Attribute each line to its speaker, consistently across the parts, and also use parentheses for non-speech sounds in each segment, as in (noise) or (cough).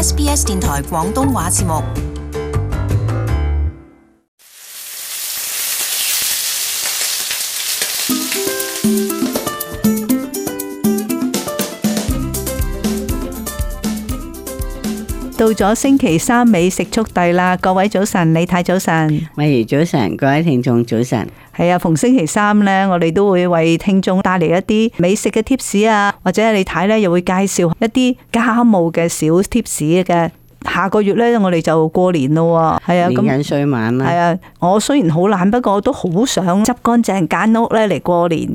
Speaker 1: SBS 電台廣東話節目。到咗星期三美食速遞啦！各位早晨，李太早晨，
Speaker 2: 米如早晨，各位聽眾早晨，
Speaker 1: 係啊！逢星期三呢，我哋都會為聽眾帶嚟一啲美食嘅貼士啊，或者李太呢，又會介紹一啲家務嘅小貼士嘅。下個月呢，我哋就過年咯，係啊，年近歲晚啦。係啊，
Speaker 2: 我雖然好懶，不過我都好想執乾淨間屋呢嚟過年。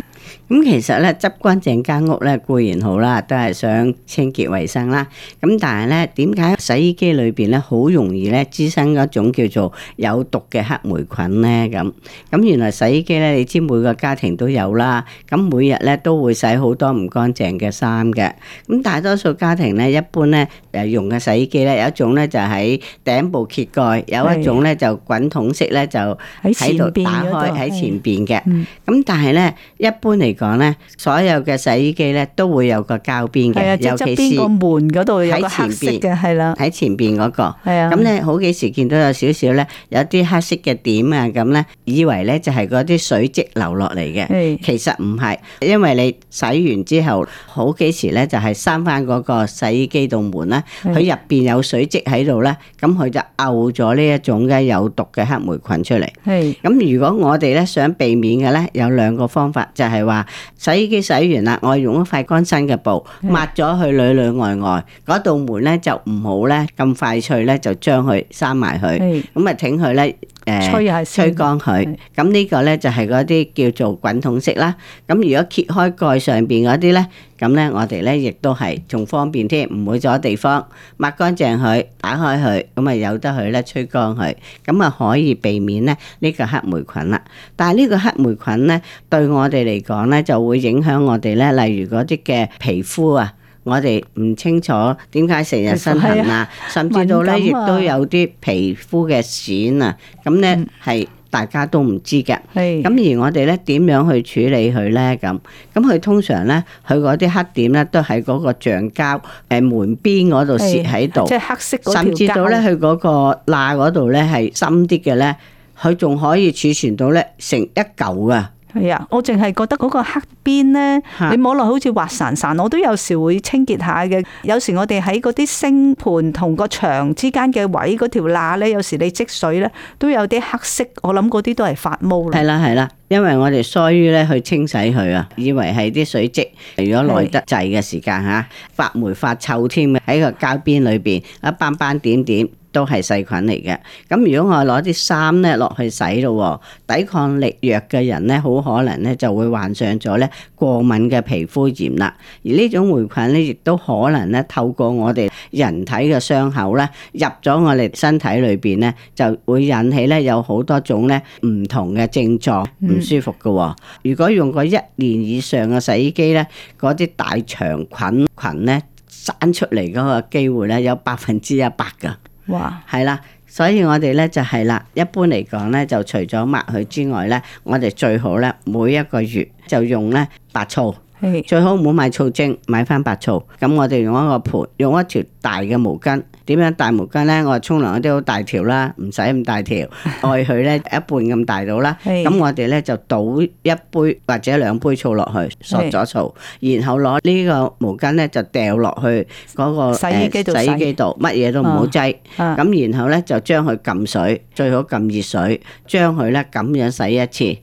Speaker 2: 咁其實咧，執乾淨間屋咧，固然好啦，都係想清潔衛生啦。咁但係咧，點解洗衣機裏邊咧好容易咧滋生一種叫做有毒嘅黑霉菌咧？咁，咁原來洗衣機咧，你知每個家庭都有啦。咁每日咧都會洗好多唔乾淨嘅衫嘅。咁大多數家庭咧，一般咧誒用嘅洗衣機咧，有一種咧就喺頂部揭蓋，有一種咧就滾筒式咧就喺度打開喺前邊嘅。咁但係咧，一般。嚟講咧，所有嘅洗衣機咧都會有個膠邊嘅，係啊、尤其是
Speaker 1: 門嗰度喺前邊嘅，
Speaker 2: 係啦，喺前邊嗰個，係啊的。咁咧、那個、的好幾時見到有少少咧，有啲黑色嘅點啊，咁咧以為咧就係嗰啲水漬流落嚟嘅，的其實唔係，因為你洗完之後好幾時咧就係閂翻嗰個洗衣機度門啦，佢入邊有水漬喺度咧，咁佢就漚咗呢一種嘅有毒嘅黑霉菌出嚟。係的，咁的如果我哋咧想避免嘅咧，有兩個方法就係、就係就係係話洗衣機洗完啦，我用一塊乾身嘅布抹咗去裏裏外外，嗰道門咧就唔好咧咁快趣咧就將佢閂埋佢，咁啊請佢咧誒吹下吹乾佢，咁呢個咧就係嗰啲叫做滾筒式啦，咁如果揭開蓋上邊嗰啲咧。咁咧，我哋咧亦都係仲方便添，唔會阻地方抹乾淨佢，打開佢，咁啊由得佢咧吹乾佢，咁啊可以避免咧呢個黑霉菌啦。但係呢個黑霉菌咧，對我哋嚟講咧，就會影響我哋咧，例如嗰啲嘅皮膚啊，我哋唔清楚點解成日身痕啊，甚至到咧亦都有啲皮膚嘅癬啊，咁咧係。嗯大家都唔知嘅，咁是而我哋咧點樣去處理佢咧？咁咁佢通常咧，佢嗰啲黑點咧都喺嗰個橡膠誒門邊嗰度蝕喺度，即係黑色嗰條，甚至到咧佢嗰個罅嗰度咧係深啲嘅咧，佢仲可以儲存到咧成一嚿噶。
Speaker 1: 係啊，我淨係覺得嗰個黑邊咧，啊、你摸落好似滑潺潺，我都有時會清潔下嘅。有時我哋喺嗰啲星盤同個牆之間嘅位嗰條罅咧，有時你積水咧都有啲黑
Speaker 2: 色，我諗嗰啲都係發毛。係啦係啦，因為我哋疏於咧去清洗佢啊，以為係啲水漬，如果耐得滯嘅時間吓，啊、發霉發臭添啊，喺個膠邊裏邊一斑斑點點，點。都係細菌嚟嘅。咁如果我攞啲衫咧落去洗咯，抵抗力弱嘅人咧，好可能咧就會患上咗咧過敏嘅皮膚炎啦。而呢種霉菌咧，亦都可能咧透過我哋人體嘅傷口咧入咗我哋身體裏邊咧，就會引起咧有好多種咧唔同嘅症狀唔舒服嘅。如果用過一年以上嘅洗衣機咧，嗰啲大腸菌菌咧生出嚟嗰個機會咧有百分之一百嘅。哇，係啦，所以我哋咧就係啦，一般嚟講咧，就除咗抹佢之外咧，我哋最好咧每一個月就用咧白醋。是最好唔好買醋精，買翻白醋。咁我哋用一個盆，用一條大嘅毛巾。點樣大毛巾呢？我沖涼嗰啲好大條啦，唔使咁大條。愛佢呢，一半咁大到啦。咁是我哋呢，就倒一杯或者兩杯醋落去，索咗醋，是然後攞呢個毛巾呢、那個，就掉落去嗰個洗衣機度、呃，洗衣機度乜嘢都唔好擠。咁、啊啊、然後呢，就將佢撳水，最好撳熱水，將佢呢咁樣洗一次。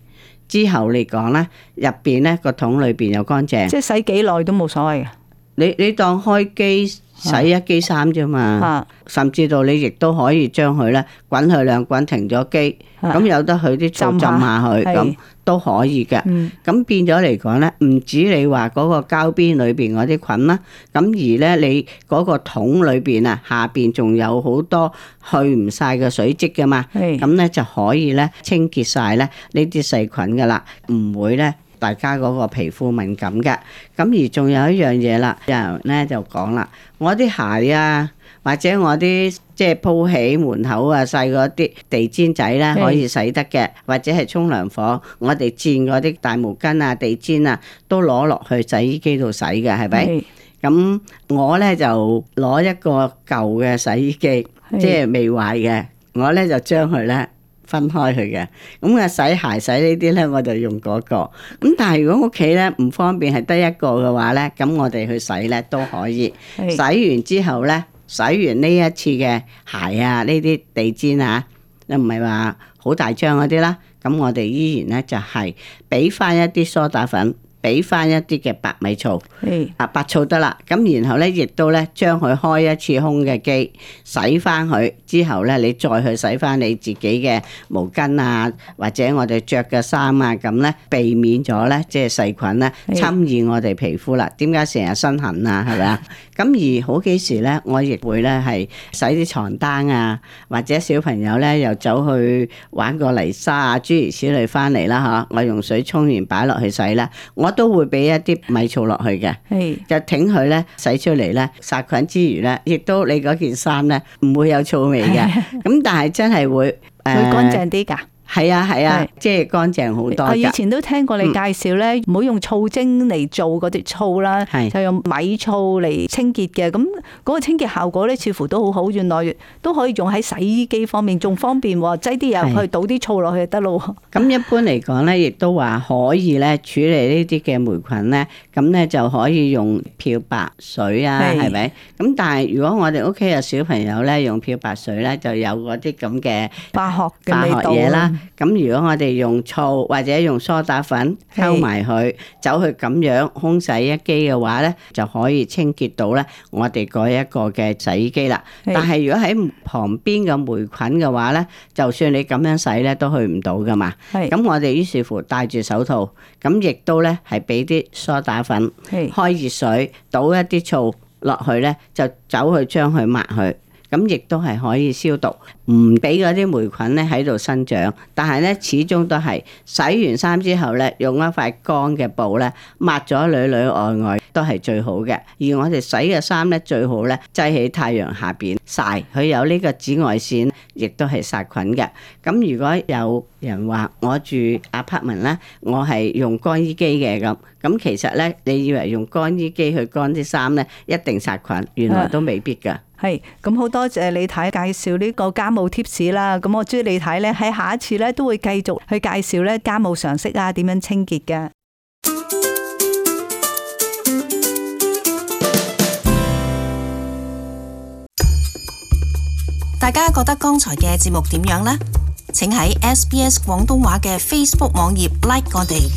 Speaker 2: 之後嚟講咧，入邊咧個桶裏邊又乾淨，即係
Speaker 1: 洗幾耐都冇所謂嘅。你你當開機。
Speaker 2: 洗一機衫啫嘛，啊、甚至到你亦都可以將佢咧滾去兩滾停咗機，咁、啊、有得佢啲就浸下佢，咁都可以嘅。咁、嗯、變咗嚟講咧，唔止你話嗰個膠邊裏邊嗰啲菌啦，咁而咧你嗰個桶裏邊啊下邊仲有好多去唔晒嘅水漬噶嘛，咁咧是就可以咧清潔晒咧呢啲細菌噶啦，唔會咧。大家嗰個皮膚敏感嘅，咁而仲有一樣嘢啦，有人咧就講啦，我啲鞋啊，或者我啲即係鋪起門口啊細嗰啲地氈仔咧可以洗得嘅，或者係沖涼房，我哋墊嗰啲大毛巾啊、地氈啊，都攞落去洗衣機度洗嘅，係咪？咁我咧就攞一個舊嘅洗衣機，即係未壞嘅，我咧就將佢咧。分開佢嘅，咁、嗯、啊洗鞋洗呢啲咧，我就用嗰、嗰個。咁但係如果屋企咧唔方便係得一個嘅話咧，咁我哋去洗咧都可以。洗完之後咧，洗完呢一次嘅鞋啊，呢啲地氈啊，又唔係話好大張嗰啲啦，咁我哋依然咧就係俾翻一啲梳打粉。俾翻一啲嘅白米醋，啊的白醋得啦，咁然後呢，亦都呢將佢開一次空嘅機洗翻佢之後呢，你再去洗翻你自己嘅毛巾啊，或者我哋着嘅衫啊，咁呢，避免咗呢，即係細菌呢，侵染我哋皮膚啦。點解成日身痕啊？係咪啊？咁的而好幾時呢，我亦會呢，係洗啲床單啊，或者小朋友呢，又走去玩個泥沙啊諸如此類翻嚟啦，吓、啊、我用水沖完擺落去洗啦，我、啊。啊都會俾一啲米醋落去嘅，是就挺佢咧洗出嚟咧殺菌之餘咧，亦都你嗰件衫咧唔會有醋味嘅。咁 (laughs) 但係真係會誒 (laughs) 會乾淨啲㗎。係啊係啊，即係乾淨好多噶。以前都
Speaker 1: 聽過你介紹咧，唔好用醋精嚟做嗰啲醋啦，是 就用米醋嚟清潔嘅。咁嗰個清潔效果咧，似乎都好好。原來都可以用喺洗衣機方面，仲方便，擠啲入去，倒啲醋落去就得咯。
Speaker 2: 咁一般嚟講咧，亦都話可以咧處理呢啲嘅霉菌咧。咁咧就可以用漂白水啊，係咪？咁但係如果我哋屋企有小朋友咧，用漂白水咧，就有嗰啲咁嘅化學嘅味道啦。 (laughs) 咁如果我哋用醋或者用梳打粉溝埋佢，是走去咁樣空洗一機嘅話咧，就可以清潔到啦。我哋嗰一個嘅洗衣機啦。是但係如果喺旁邊嘅霉菌嘅話咧，就算你咁樣洗咧都去唔到㗎嘛。係是。咁我哋於是乎戴住手套，咁亦都咧係俾啲梳打粉，是開熱水，倒一啲醋落去咧，就走去將佢抹去。咁亦都係可以消毒，唔俾嗰啲霉菌咧喺度生長。但係咧，始終都係洗完衫之後咧，用一塊乾嘅布咧抹咗裏裏外外都係最好嘅。而我哋洗嘅衫咧，最好咧擠喺太陽下邊曬。佢有呢個紫外線，亦都係殺菌嘅。咁如果有人話我住 apartment 咧，我係用乾衣機嘅咁，咁其實咧，你以為用乾衣機去乾啲衫咧一定殺菌，原來都未必噶。係，
Speaker 1: 咁好多誒，謝你睇介紹呢個家務貼士啦。咁我中意你睇咧，喺下一次咧都會繼續去介紹咧家務常識啊，點樣清潔嘅。大家覺得剛才嘅節目點樣呢？請喺 SBS 廣東話嘅 Facebook 網頁 like 我哋。